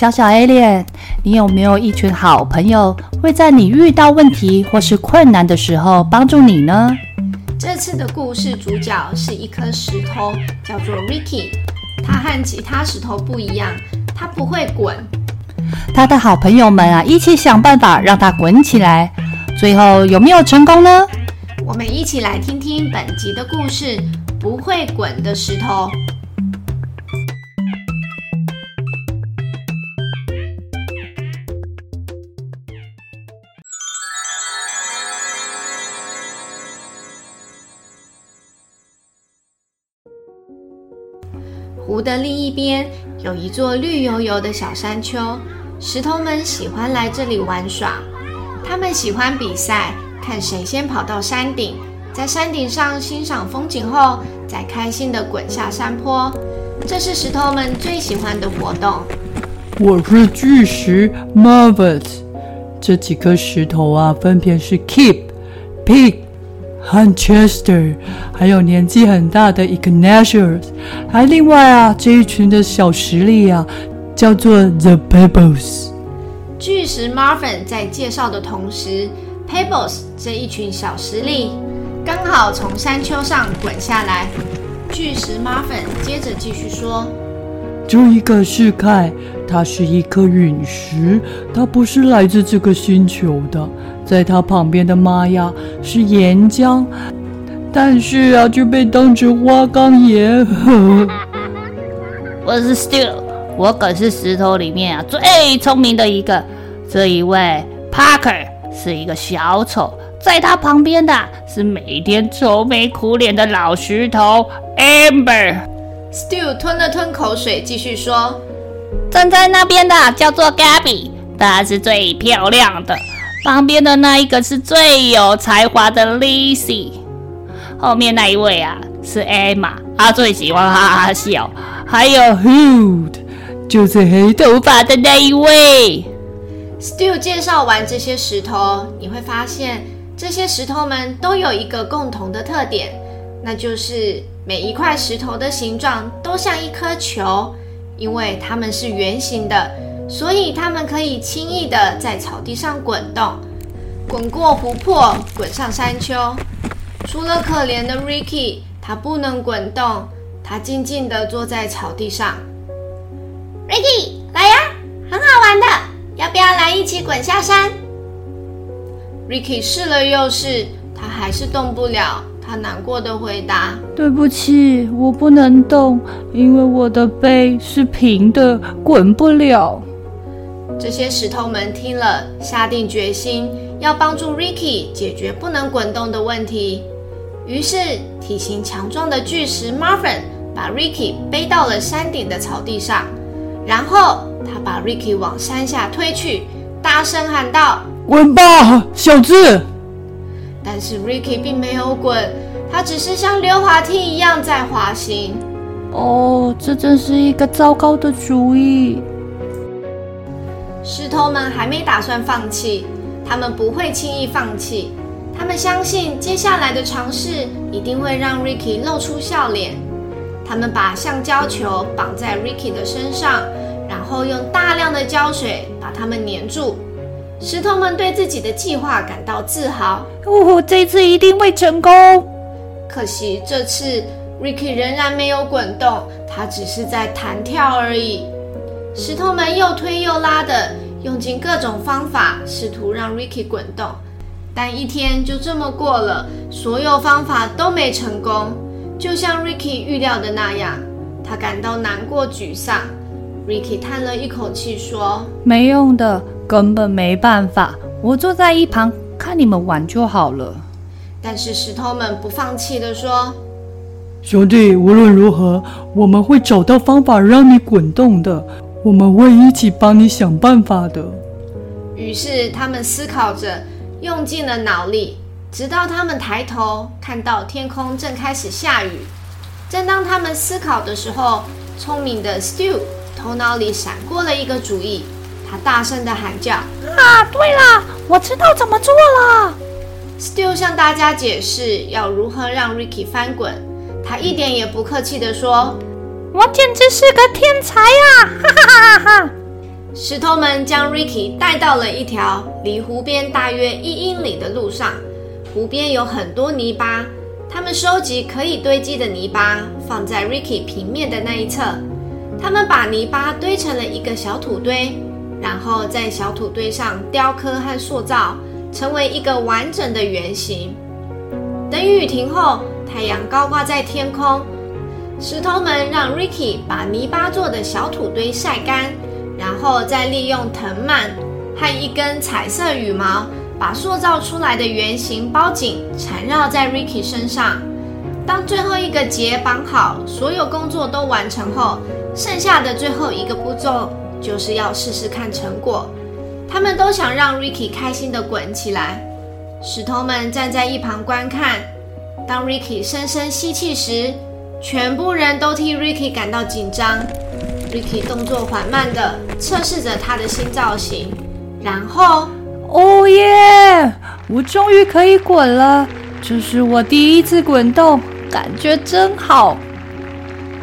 小小 Alien，你有沒有一群好朋友會在你遇到問題或是困難的時候幫助你呢？這次的故事主角是一顆石頭，叫做 Ricky。它和其他石頭不一樣，它不會滾。他的好朋友們啊，一起想辦法讓它滾起來。最後有沒有成功呢？我們一起來聽聽本集的故事：不會滾的石頭。另一邊有一座綠油油的小山丘，石頭們喜歡來這裡玩耍。他們喜歡比賽，看誰先跑到山頂，在山頂上欣賞風景後，再開心地滾下山坡。這是石頭們最喜歡的活動。我是巨石 Marvus，這幾顆石頭啊，分別是 Keep、Pick Hunchester 還有年紀很大的 Ignatius。還有另外啊這一群的小實力啊，叫做 The Pebbles。巨石 Marvin 在介紹的同時，Pebbles 這一群小實力剛好從山丘上滾下來。巨石 Marvin 接着繼續說。這一個是凱，它是一顆隕石，它不是來自這個星球的。在它旁邊的 Maya 是岩漿，但是啊就被當成花崗岩。我是 Stu，我可是石頭裡面啊最聰明的一個。這一位 Parker 是一個小丑，在他旁邊的是每天愁眉苦臉的老石頭 Amber。Stu 吞了吞口水，繼續說：“站在那邊的叫做 Gabby，她是最漂亮的。旁邊的那一個是最有才華的 Lizzie。後面那一位啊是 Emma，她最喜歡哈哈笑。還有 Hoot，就是黑頭髮的那一位。” Stu 介紹完這些石頭，你會發現這些石頭們都有一個共同的特點，那就是。每一塊石頭的形狀都像一顆球，因為它們是圓形的，所以它們可以輕易的在草地上滾動，滾過湖泊，滾上山丘。除了可憐的 Ricky，它不能滾動，它靜靜的坐在草地上。Ricky，來呀、啊，很好玩的，要不要來一起滾下山？Ricky 試了又試，他還是動不了。他難過的回答：“對不起，我不能動，因為我的背是平的，滾不了。”這些石頭們聽了，下定決心要幫助 Ricky 解決不能滾動的問題。於是，體型強壯的巨石 Marvin 把 Ricky 背到了山頂的草地上，然後他把 Ricky 往山下推去，大聲喊道：“滾吧，小子！”但是 Ricky 並沒有滾，他只是像溜滑梯一樣在滑行。哦，這真是一個糟糕的主意！石頭們還沒打算放棄，他們不會輕易放棄。他們相信接下來的嘗試一定會讓 Ricky 露出笑臉。他們把橡膠球綁在 Ricky 的身上，然後用大量的膠水把它們粘住。石頭們對自己的計劃感到自豪。嗚呼，這次一定會成功！可惜這次 Ricky 仍然沒有滾動，他只是在彈跳而已。石頭們又推又拉的，用盡各種方法，試圖讓 Ricky 滾動。但一天就這麼過了，所有方法都沒成功。就像 Ricky 預料的那樣，他感到難過、沮喪。Ricky 嘆了一口氣說：“沒用的。”根本沒辦法，我坐在一旁看你們玩就好了。但是石頭們不放棄地說：“兄弟，無論如何，我們會找到方法讓你滾動的，我們會一起幫你想辦法的。”於是他們思考着，用盡了腦力，直到他們抬頭看到天空正開始下雨。正當他們思考的時候，聰明的 Stew 頭腦裡閃過了一個主意。他大聲地喊叫：“啊，對了，我知道怎麼做了。” Stew 向大家解釋要如何讓 Ricky 翻滾。他一點也不客氣地說：“我簡直是個天才啊！”哈哈哈哈哈！石頭們將 Ricky 帶到了一條離湖邊大約一英里的路上。湖邊有很多泥巴，他們收集可以堆積的泥巴，放在 Ricky 平面的那一側。他們把泥巴堆成了一個小土堆。然後在小土堆上雕刻和塑造，成為一個完整的圓形。等雨停後，太陽高掛在天空，石頭們讓 Ricky 把泥巴做的小土堆曬乾，然後再利用藤蔓和一根彩色羽毛，把塑造出來的圓形包緊，纏繞在 Ricky 身上。當最後一個結綁好，所有工作都完成後，剩下的最後一個步驟。就是要試試看成果，他們都想讓 Ricky 開心的滾起來。石頭們站在一旁觀看。當 Ricky 深深吸氣時，全部人都替 Ricky 感到緊張。Ricky 動作緩慢的測試着他的新造型，然後，Oh yeah！我終於可以滾了，這是我第一次滾動，感覺真好。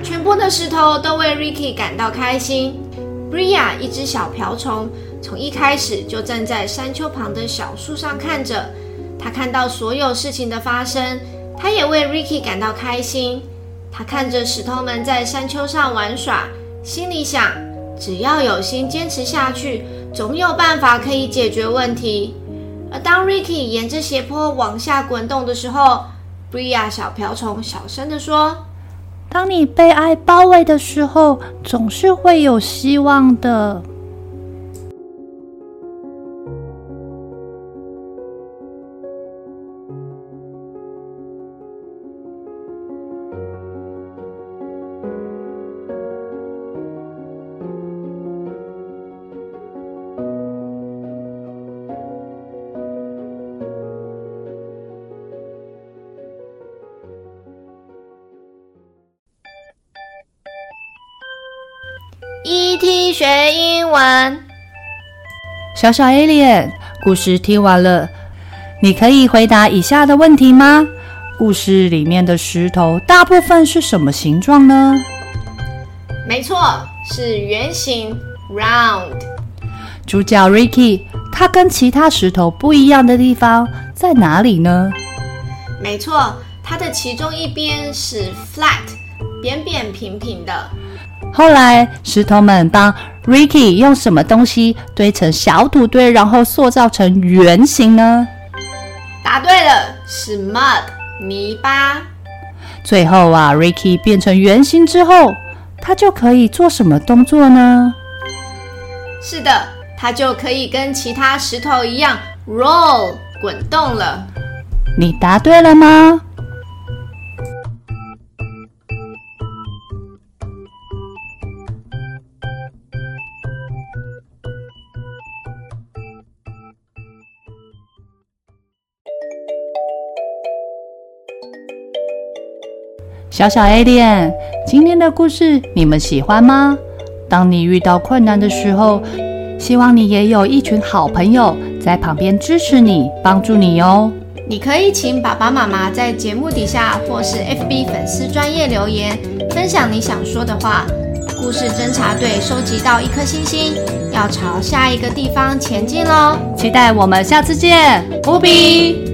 全部的石頭都為 Ricky 感到開心。Bria 一隻小瓢蟲，從一開始就站在山丘旁的小樹上看着。他看到所有事情的發生，他也為 Ricky 感到開心。他看着石頭們在山丘上玩耍，心裡想：只要有心堅持下去，總有辦法可以解決問題。而當 Ricky 沿着斜坡往下滾動的時候，Bria 小瓢蟲小聲地說。當你被愛包圍的時候，總是會有希望的。ET 學英文，小小 Alien 故事聽完了，你可以回答以下的問題嗎？故事裡面的石頭大部分是什麼形狀呢？沒錯，是圓形，round。主角 Ricky 他跟其他石頭不一樣的地方在哪裡呢？沒錯，他的其中一邊是 flat，扁扁平平的。後來，石頭們幫 Ricky 用什麼東西堆成小土堆，然後塑造成圓形呢？答對了，是 mud 泥巴。最後啊，Ricky 變成圓形之後，他就可以做什麼動作呢？是的，他就可以跟其他石頭一樣 roll 滾動了。你答對了嗎？小小 alien，今天的故事你們喜歡嗎？當你遇到困難的時候，希望你也有一群好朋友在旁邊支持你、幫助你喲、哦。你可以請爸爸媽媽在節目底下或是 FB 粉絲專頁留言，分享你想說的話。故事偵查隊收集到一顆星星，要朝下一個地方前進哦！期待我們下次見，不比。